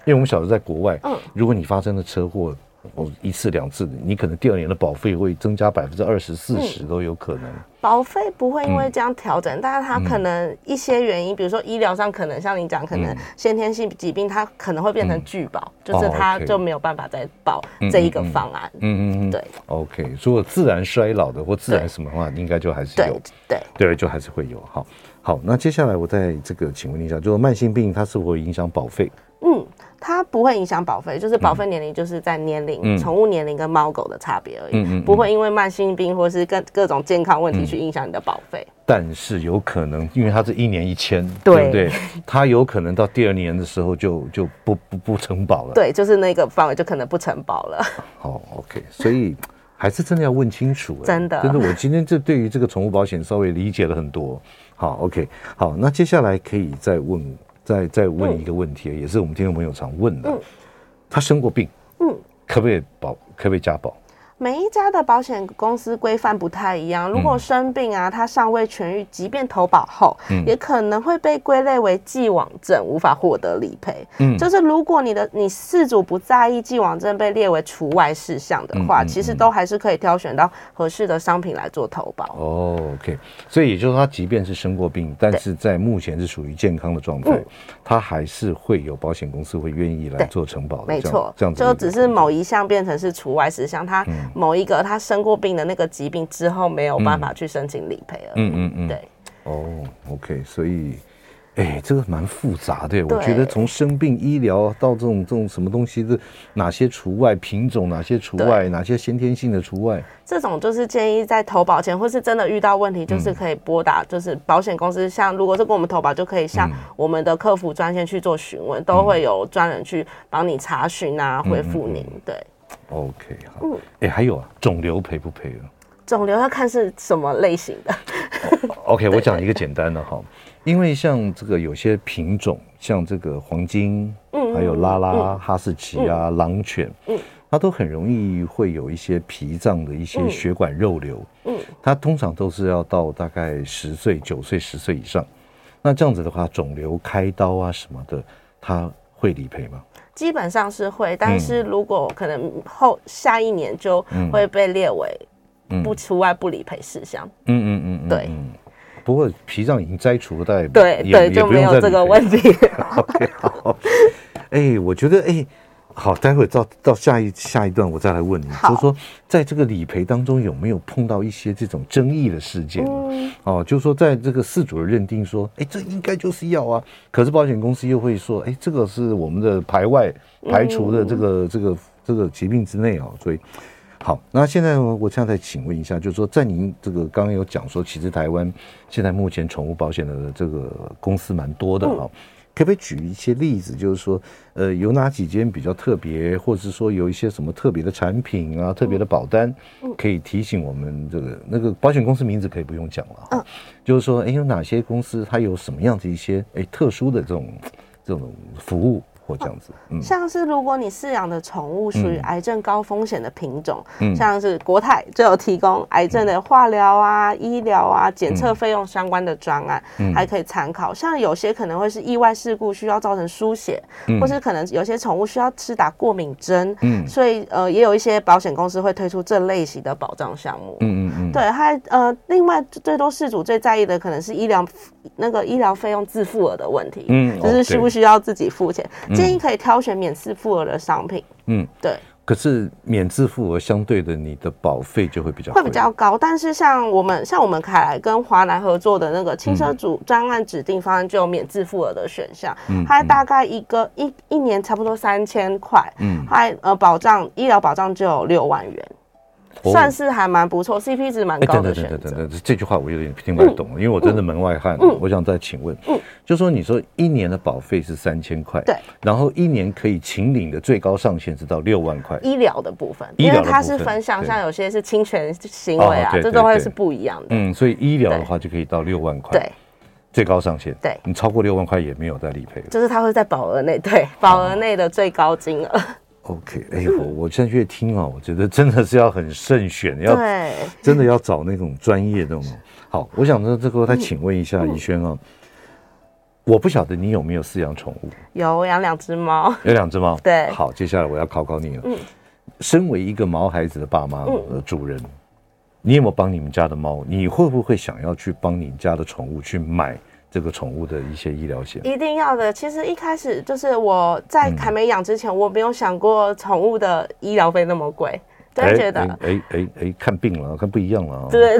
Speaker 1: 因為我們小時候在國外，嗯，如果你發生了車禍。嗯嗯我、哦、一次兩次的，你可能第二年的保費會增加百分之二十四十都有可能、
Speaker 2: 嗯。保費不會因為這樣調整，嗯、但是它可能一些原因，嗯、比如說醫療上可能像你講，嗯、可能先天性疾病它可能會變成拒保，嗯、就是它就沒有辦法再保這一個方案。嗯嗯，嗯，嗯，
Speaker 1: 嗯，嗯對嗯。OK，如果自然衰老的或自然什麼的話，對應該就還是有，對對，對，對，就還是會有好好，那接下來我再這個請問一下，就是慢性病它是否會影響保費？嗯。
Speaker 2: 它不會影響保費，就是保費年齡就是在年齡寵、嗯、物年齡跟貓狗的差別而已，嗯嗯嗯、不會因為慢性病或是各、各種健康問題去影響你的保費、
Speaker 1: 嗯。但是有可能，因為它是一年一簽，對對？它有可能到第二年的時候就就不不不承保了。對，就
Speaker 2: 是那個範圍就可能不承保了。
Speaker 1: 好，OK，所以還是真的要問清楚、欸， (laughs) 真的。真是，我今天這對於這個寵物保險稍微理解了很多。好，OK，好，那接下來可以再問。再再問一個問題，嗯、也是我們聽眾朋友常問的，嗯、他生過病，嗯、可不可以保？可以不可以加保？
Speaker 2: 每一家的保險公司規範不太一樣。如果生病啊，它尚未痊癒，嗯、即便投保後，嗯、也可能會被歸類為既往症，無法獲得理賠。嗯，就是如果你的你飼主不在意既往症被列為除外事項的話，嗯嗯嗯、其實都還是可以挑選到合適的商品來做投保。哦
Speaker 1: ，OK，所以也就是說，他即便是生過病，但是在目前是屬於健康的狀態，嗯、他還是會有保險公司會願意來做承保的。沒錯、嗯，這樣就
Speaker 2: 只是某一項變成是除外事項，他、嗯。某一個他生過病的那個疾病之後沒有辦法去申請理賠了，
Speaker 1: 嗯。嗯嗯嗯，對。哦、oh，OK，所以，哎，這個蠻複雜的。對對我覺得從生病醫療到這種這種什麼東西是哪些除外品種，哪些除外，哪些除外對哪些先天性的除外，
Speaker 2: 這種就是建議在投保前或是真的遇到問題，就是可以撥打就是保險公司，像如果是跟我們投保，就可以向我們的客服專線去做詢問，嗯、都會有專人去幫你查詢啊，嗯、回復您。嗯嗯、對。
Speaker 1: OK，好。嗯，哎、欸，還有啊，腫瘤賠不賠啊？
Speaker 2: 腫瘤要看是什麼類型的。
Speaker 1: (laughs) oh, OK，我講一個簡單的哈，對 因為像這個有些品種，像這個黃金，嗯，還有拉拉、嗯、哈士奇啊、嗯、狼犬，嗯，它都很容易會有一些脾臟的一些血管肉瘤，嗯，它通常都是要到大概十歲、九歲、十歲以上，那這樣子的話，腫瘤開刀啊什麼的，它。會理賠
Speaker 2: 嗎？基本上是會，但是如果可能後下一年就會被列為不出外不理賠事項。
Speaker 1: 嗯嗯嗯，嗯嗯嗯對。不過脾臟已經摘除了大對，對對，就沒有這個問題，好。好，哎、欸，我覺得哎。欸好，待會到到下一下一段，我再來問你。好就是說，在這個理賠當中，有沒有碰到一些這種爭議的事件？嗯、哦，就是說，在這個事主的認定說，哎、欸，這應該就是要啊，可是保險公司又會說，哎、欸，這個是我們的排外排除的這個、嗯、這個這個疾病之內啊、哦。所以，好，那現在我現在再請問一下，就是說，在您這個剛剛有講說，其實台灣現在目前寵物保險的這個公司蠻多的啊、哦。嗯可不可以舉一些例子，就是說，呃，有哪幾間比較特別，或者是說有一些什麼特別的產品啊、特別的保單，可以提醒我們這個那個保險公司名字可以不用講了啊，就是說，哎，有哪些公司它有什麼樣的一些哎、欸、特殊的這種這種服務？或這樣子，嗯、
Speaker 2: 像是如果你飼養的寵物屬於癌症高風險的品種，嗯、像是國泰就有提供癌症的化療啊、嗯、醫療啊、檢測費用相關的專案，還可以參考。嗯、像有些可能會是意外事故需要造成輸血，嗯、或是可能有些寵物需要吃打過敏針，嗯、所以呃，也有一些保險公司會推出這類型的保障項目。嗯嗯，嗯對，還呃，另外最多飼主最在意的可能是醫療那個醫療費用自付額的問題，嗯，就是需不需要自己付錢。嗯哦建議可以挑選免自付額的商品。嗯，
Speaker 1: 對。可是免自付額相對的，你的保費就會比較會比
Speaker 2: 較高。但是像我們像我們凱萊跟華南合作的那個輕車主專案指定方案，就有免自付額的選項。嗯，它大概一個一一年差不多三千塊。嗯，它呃保障醫療保障就有六萬元。算是還蠻不錯，CP 值蠻高的選擇。哎，等等等
Speaker 1: 等，這句話我有點聽不懂了，因為我真的門外漢。我想再請問，嗯，就說你說一年的保費是三千塊，對，然後一年可以請領的最高上限是到六萬塊。醫
Speaker 2: 療的部分，因為它是分享像有些是侵權行為啊，這都會是不一樣
Speaker 1: 的。嗯，所以醫療的話就可以到六萬塊，對，最高上限。對，你超過六萬塊也沒有再理賠，
Speaker 2: 就是它會在保額內，對，保額內的最高金額。
Speaker 1: OK，哎呦，我我現在越聽啊，我覺得真的是要很慎選，嗯、要對真的要找那種專業的。好，我想說，這個，再請問一下怡萱，嗯、啊，我不曉得你有沒有飼養寵物？
Speaker 2: 有，我養兩隻貓。有
Speaker 1: 兩隻貓？對。好，接下來我要考考你了。嗯、身為一個毛孩子的爸媽的主人，嗯、你有沒有幫你們家的貓？你會不會想要去幫你們家的寵物去買？這個寵物的一些醫療險一
Speaker 2: 定要的。其實一開始就是我在還沒養之前，我沒有想過寵物的醫療費那麼貴，就覺得
Speaker 1: 哎哎哎，看病了，看不一樣了啊。對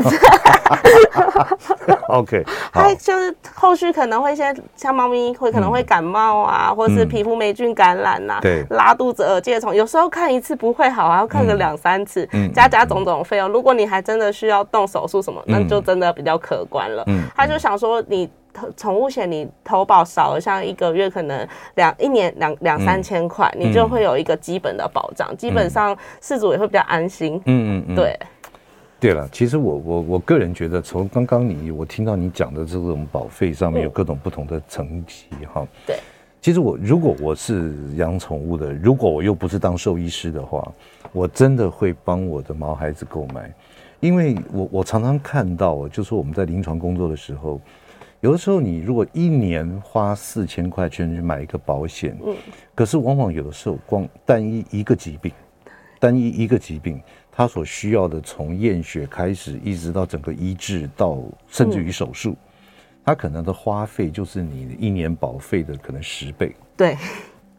Speaker 1: ，OK。它就
Speaker 2: 是後續可能會先像貓咪會可能會感冒啊，或者是皮膚霉菌感染吶，對，拉肚子、耳疥蟲，有時候看一次不會好，還要看個兩三次，加加種種費用。如果你還真的需要動手術什麼，那就真的比較可觀了。嗯，他就想說你。寵物險你投保少，像一個月可能兩一年兩兩三千塊，你就會有一個基本的保障，基本上飼主也會比較安心嗯。嗯嗯嗯，
Speaker 1: 嗯對。對了，其實我我我個人覺得，從剛剛你我聽到你講的這種保費上面有各種不同的層級哈、嗯。對。其實我如果我是養寵物的，如果我又不是當獸醫師的話，我真的會幫我的毛孩子購買，因為我我常常看到，就是我們在臨床工作的時候。有的時候，你如果一年花四千塊錢去買一個保險，嗯，可是往往有的時候，光單一一個疾病，單一一個疾病，它所需要的從驗血開始，一直到整個醫治，到甚至於手術，嗯，它可能的花費就是你一年保費的可能十倍。對。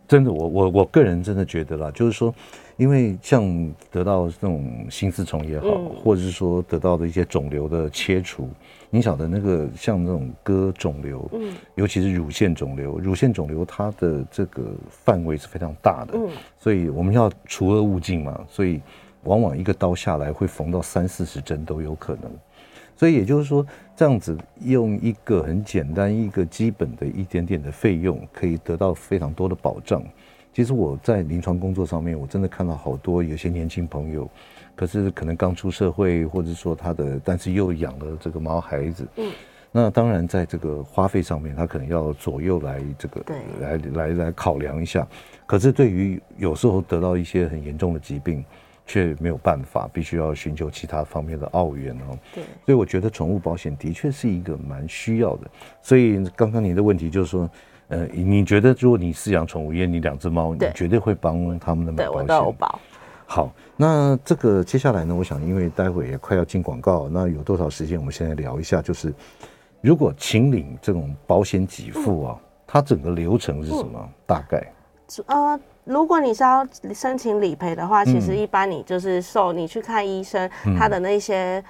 Speaker 1: 真的，我我我個人真的覺得啦，就是說，因為像得到這種心絲蟲也好，或者是說得到的一些腫瘤的切除，你曉得那個像那種割腫瘤，尤其是乳腺腫瘤，乳腺腫瘤它的這個範圍是非常大的，所以我們要除惡務盡嘛，所以往往一個刀下來會縫到三四十針都有可能。所以也就是說，這樣子用一個很簡單、一個基本的一點點的費用，可以得到非常多的保障。其實我在臨床工作上面，我真的看到好多有些年輕朋友，可是可能剛出社會，或者說他的，但是又養了這個毛孩子。嗯。那當然，在這個花費上面，他可能要左右來這個，對，來來來考量一下。可是對於有時候得到一些很嚴重的疾病。卻沒有辦法，必須要尋求其他方面的奧援哦。對，所以我覺得寵物保險的確是一個蠻需要的。所以剛剛你的問題就是說，呃，你覺得如果你飼養寵物業，業你兩隻貓，對你絕對會幫他們的買保險。對，我，我投保。好，那這個接下來呢？我想，因為待會也快要進廣告，那有多少時間？我們現在聊一下，就是如果請領這種保險給付啊，嗯、它整個流程是什麼？嗯、大概？呃、啊。
Speaker 2: 如果你是要申請理賠的話，嗯、其實一般你就是受你去看醫生，嗯、他的那些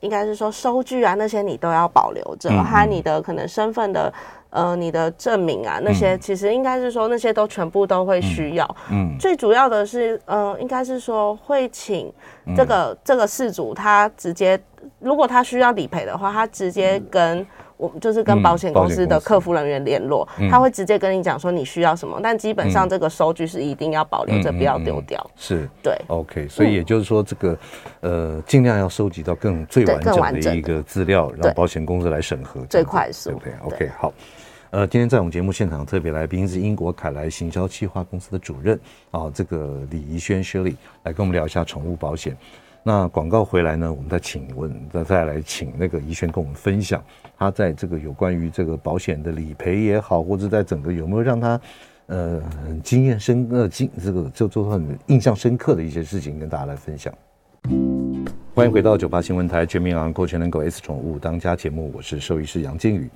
Speaker 2: 應該是說收據啊那些你都要保留着，嗯、還有你的可能身份的呃你的證明啊那些，其實應該是說那些都全部都會需要。嗯、最主要的是呃應該是說會請這個、嗯、這個事主他直接，如果他需要理賠的話，他直接跟。我們就是跟保險公司的客服人員聯絡，他會直接跟你講說你需要什麼，但基本上這個收據是一定要保留着，不要丟掉。
Speaker 1: 是，對。OK，所以也就是說，這個呃，盡量要收集到更最完整的一個資料，讓保險公司來審核，最快速。OK，OK，好。呃，今天在我們節目現場特別來賓是英國凱萊行銷企劃公司的主任啊，這個李怡萱 Shirley 來跟我們聊一下寵物保險。那廣告回來呢？我們再請問，再再來請那個怡萱，跟我們分享，他在這個有關於這個保險的理賠也好，或者在整個有沒有讓他，呃，經驗深呃經這個就做很印象深刻的一些事情跟大家來分享。歡迎回到九八新聞台《全民養狗全能狗 S 寵物當家》節目，我是獸醫師楊靜宇。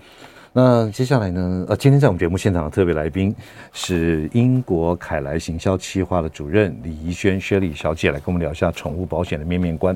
Speaker 1: 那接下來呢，呃，今天在我們節目現場的特別來賓是英國凱萊行銷企劃的主任李怡萱、薛麗小姐，來跟我們聊一下寵物保險的面面觀。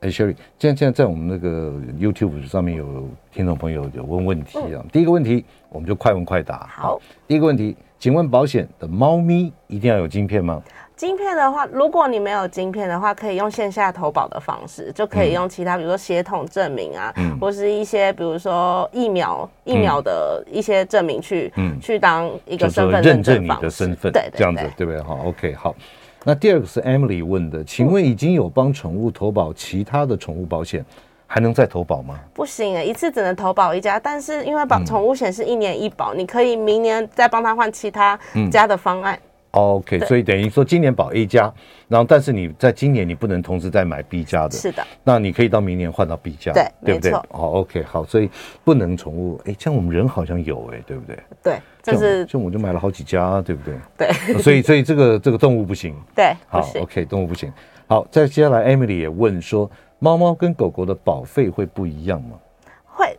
Speaker 1: 哎、欸，Sherry，現在，現在在我們那個 YouTube 上面有聽眾朋友有問問題啊，第一個問題我們就快問快答。好，好，第一個問題，請問保險的貓咪一定要有晶片嗎？
Speaker 2: 晶片的話，如果你沒有晶片的話，可以用線下投保的方式，就可以用其他，嗯、比如說血統證明啊，嗯，或是一些，比如說疫苗、疫苗的一些證明去，嗯，去當一個身份認證的
Speaker 1: 方式，身份對,對,對，這樣子，對不對？好，OK，好。那第二個是 Emily 問的，請問已經有幫寵物投保其他的寵物保險，還能再投保嗎？
Speaker 2: 不行，一次只能投保一家，但是因為保、嗯、寵物險是一年一保，你可以明年再幫他換其他家的方案。嗯
Speaker 1: OK，對所以等於說今年保 A 加，然後但是你在今年你不能同時再買 B 加的，是的。那你可以到明年換到 B 加，對，對不對？好錯、oh，OK，好，所以不能寵物。哎，這樣我們人好像有誒、欸，對不對？對，這，是這樣這樣我就買了好幾家、啊，對，對不對？對，oh, 所以所以這個這個動物不行，
Speaker 2: 對，好 (laughs) ，OK，
Speaker 1: 動物不行。好，再接下來 Emily 也問說，貓貓跟狗狗的保費會不一樣嗎？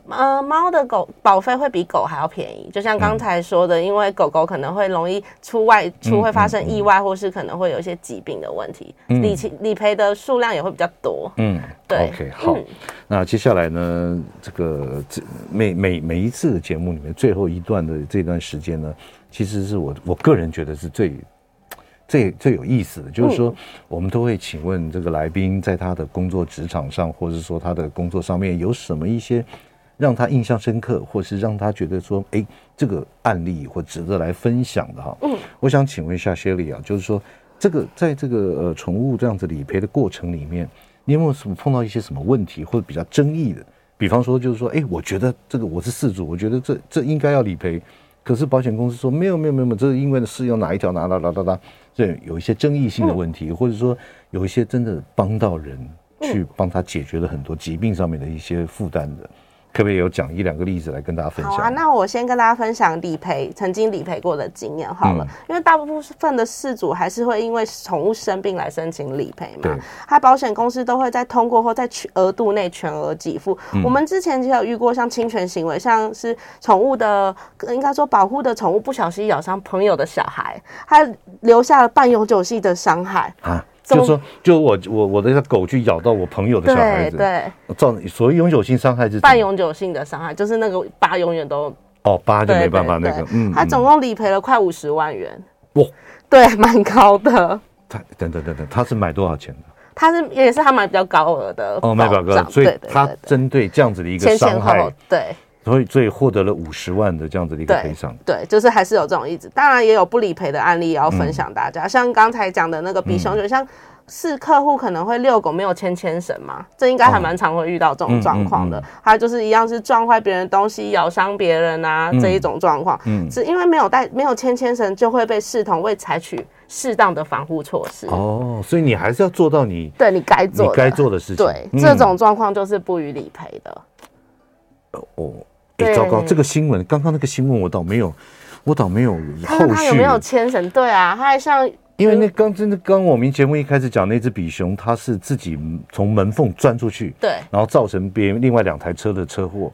Speaker 2: 呃，貓的狗保費會比狗還要便宜，就像剛才說的，嗯、因為狗狗可能會容易出外出，會發生意外，或是可能會有一些疾病的問題，理理、嗯、賠的數量也會比較多。
Speaker 1: 嗯，對。OK，好。嗯、那接下來呢？這個這每每每一次的節目裡面，最後一段的這段時間呢，其實是我我個人覺得是最最最有意思的，就是說我們都會請問這個來賓，在他的工作職場上，或者說他的工作上面有什麼一些。讓他印象深刻，或是讓他覺得說，哎、欸，這個案例或值得來分享的哈。嗯，我想請問一下 Shirley 啊，就是說，這個在這個呃寵物這樣子理賠的過程裡面，你有沒有什麼碰到一些什麼問題或者比較爭議的？比方說，就是說，哎、欸，我覺得這個我是事主，我覺得這這應該要理賠，可是保險公司說沒有沒有沒有，這是因為的是用哪一條？哪哪哪哪哪，這有一些爭議性的問題，嗯、或者說有一些真的幫到人去幫他解決了很多疾病上面的一些負擔的。特別有講一兩個例子來跟大家分享好啊。
Speaker 2: 那我先跟大家分享理賠曾經理賠過的經驗好了，嗯、因為大部分的飼主還是會因為寵物生病來申請理賠嘛。對它，保險公司都會在通過後，在額度內全額給付。嗯、我們之前就有遇過像侵權行為，像是寵物的應該說保護的寵物不小心咬傷朋友的小孩，他留下了半永久性的傷害
Speaker 1: 啊。中就說，就我我我的那個狗去咬到我朋友的小孩子，對，造成，所謂永久性傷害是怎樣？
Speaker 2: 半永久性的傷害，就是那個疤永遠都
Speaker 1: 哦，疤就沒辦法那個，嗯，他總
Speaker 2: 共理賠了快五十萬元。哇、哦，對，蠻高的。
Speaker 1: 他等等等等，他是買多少錢的？
Speaker 2: 他是也是他買比較高額的哦，買比較高額，所以他
Speaker 1: 針對這樣子的一個傷害，前前，對。所以，所以獲得了五十萬的這樣子的一個賠償。
Speaker 2: 對，就是還是有這種例子。當然，也有不理賠的案例也要分享大家。嗯、像剛才講的那個比熊、嗯、就像是客戶可能會遛狗沒有牽牽繩嘛，這應該還蠻常會遇到這種狀況的。還有、哦嗯嗯嗯、就是一樣是撞壞別人的東西、咬傷別人啊、嗯、這一種狀況，嗯嗯、是因為沒有帶、沒有牽牽繩，就會被視同未採取適當的防護措施。
Speaker 1: 哦，所以你還是要做到你對你
Speaker 2: 該做、該做的事情。對，嗯、這種狀況就是不予理賠的。
Speaker 1: 哦。欸、糟糕！這個新聞，剛剛那個新聞我倒沒有，我倒沒有後續。他有沒有
Speaker 2: 牽繩？對啊，他還像……
Speaker 1: 因為那剛真的剛，我們節目一開始講那只比熊，它是自己從門縫鑽出去，對，然後造成別另外兩台車的車禍。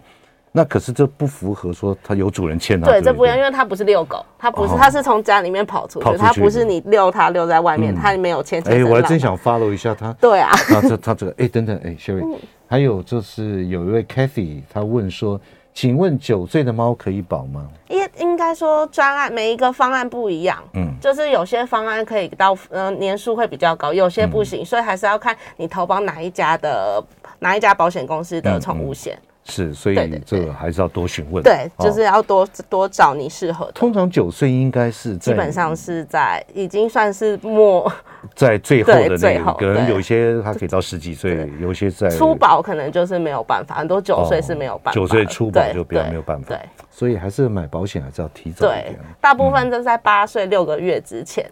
Speaker 1: 那可是這不符合說它有主人牽它。對，這不一
Speaker 2: 樣，因為它不是遛狗，它不是，哦、它是從家裡面跑出去，出去它不是你遛它遛在外面，嗯、它沒有牽繩。哎、欸，我還真想
Speaker 1: follow 一下他。對啊，他這他這個哎、欸、等等哎、欸、Sherry, 嗯、還有就是有一位 Cathy 他問說。請問九歲的貓可以保嗎？
Speaker 2: 應應該說，專案每一個方案不一樣，嗯，就是有些方案可以到，嗯，呃，年數會比較高，有些不行，嗯，所以還是要看你投保哪一家的哪一家保險公司的寵物險。嗯嗯。
Speaker 1: 是，所以這個還是要多詢問。對，就是
Speaker 2: 要多多找你適合。
Speaker 1: 通常九歲應該是基本上
Speaker 2: 是在已經算是末
Speaker 1: 在最後的，那個，最後，可能有一些他可以到十幾歲，有些在初保
Speaker 2: 可能就是沒有辦法，很多九歲是沒有辦法，九歲、
Speaker 1: 哦、初保就比較沒有辦法。對，對所以還是買保險還是要提早一
Speaker 2: 點。對嗯、大部分都是在八歲六個月之前。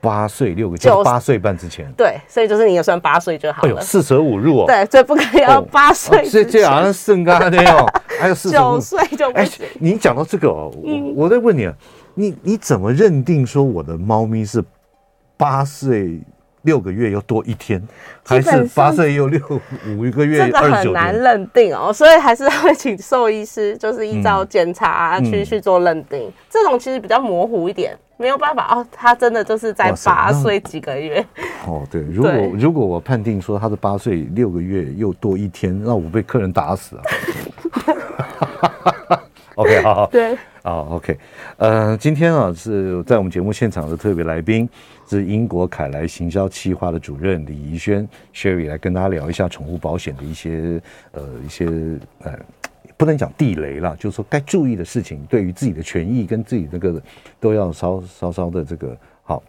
Speaker 1: 八歲六個就是、八歲半之前，
Speaker 2: 對，所以就是你也算八歲就好了。哎、四
Speaker 1: 舍五入哦，對，
Speaker 2: 這不可以要八歲，哦啊、所以這
Speaker 1: 這好像身高那樣， (laughs) 還有四舍五九就、欸、你講到這個、哦，我我在問你啊，嗯、你你怎麼認定說我的貓咪是八歲？六個月又多一天，還是八歲又六五一個月？真的很難
Speaker 2: 認定哦，所以還是會請獸醫師，就是依照檢查、啊嗯、去去做認定。這種其實比較模糊一點，沒有辦法哦。他真的就是在八歲幾個月？
Speaker 1: 哦，對。如果對如果我判定說他的八歲六個月又多一天，那我被客人打死啊 (laughs) (laughs) ！OK，好好對。啊、oh,，OK，呃，今天啊是在我們節目現場的特別來賓是英國凱萊行銷企劃的主任李怡萱 Sherry 來跟大家聊一下寵物保險的一些呃一些呃不能講地雷啦，就是說該注意的事情，對於自己的權益跟自己這個都要稍稍稍的這個好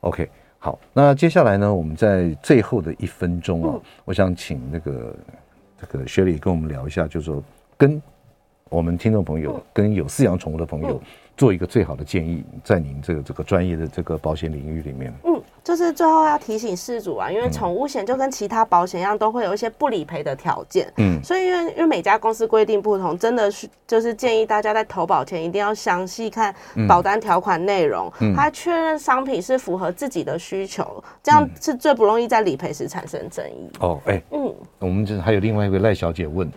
Speaker 1: ，OK，好，那接下來呢，我們在最後的一分鐘啊，我想請那個這個 Sherry 跟我們聊一下，就是說跟。我們聽眾朋友跟有飼養寵物的朋友做一個最好的建議，在您這個這個專業的這個保險領域裡面，嗯，
Speaker 2: 就是最後要提醒事主啊，因為寵物險就跟其他保險一樣，都會有一些不理賠的條件，嗯，所以因為因為每家公司規定不同，真的是就是建議大家在投保前一定要詳細看保單條款內容，他確、嗯嗯、認商品是符合自己的需求，這樣是最不容易在理賠時產生爭議。
Speaker 1: 哦，哎、欸，嗯，我們就是還有另外一個賴小姐問，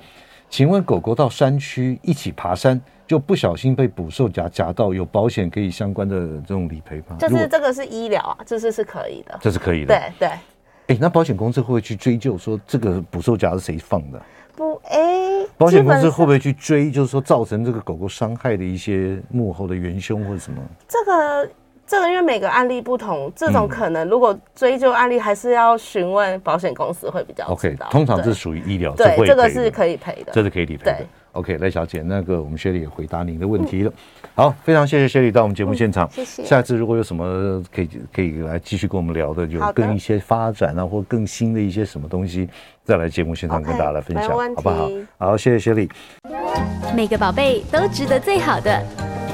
Speaker 1: 請問狗狗到山區一起爬山，就不小心被捕獸夾夾到，有保險可以相關的這種理賠嗎？就是這個
Speaker 2: 是醫療啊，這、就是是可以的，這是可以的。對
Speaker 1: 對。哎、欸，那保險公司會不會去追究說這個捕獸夾是誰放的？
Speaker 2: 不，哎、欸，保險公司會不
Speaker 1: 會去追，就是說造成這個狗狗傷害的一些幕後的元凶或者什麼？
Speaker 2: 這個。這個因為每個案例不同，這種可能如果追究案例，還是要詢問保險公司會比較好。嗯 okay,
Speaker 1: 通常是屬於醫療，對，會對，這個是可以賠的，這是可以理賠的。對 OK，賴小姐，那個我們雪莉也回答您的問題了。嗯、好，非常謝謝雪莉到我們節目現場，嗯、謝謝。下次如果有什麼可以可以來繼續跟我們聊的，有更一些發展啊，的或更新的一些什麼東西，再來節目現場跟大家來分享，okay, 好不好？好，謝謝雪莉。每個寶貝都
Speaker 2: 值得最好的。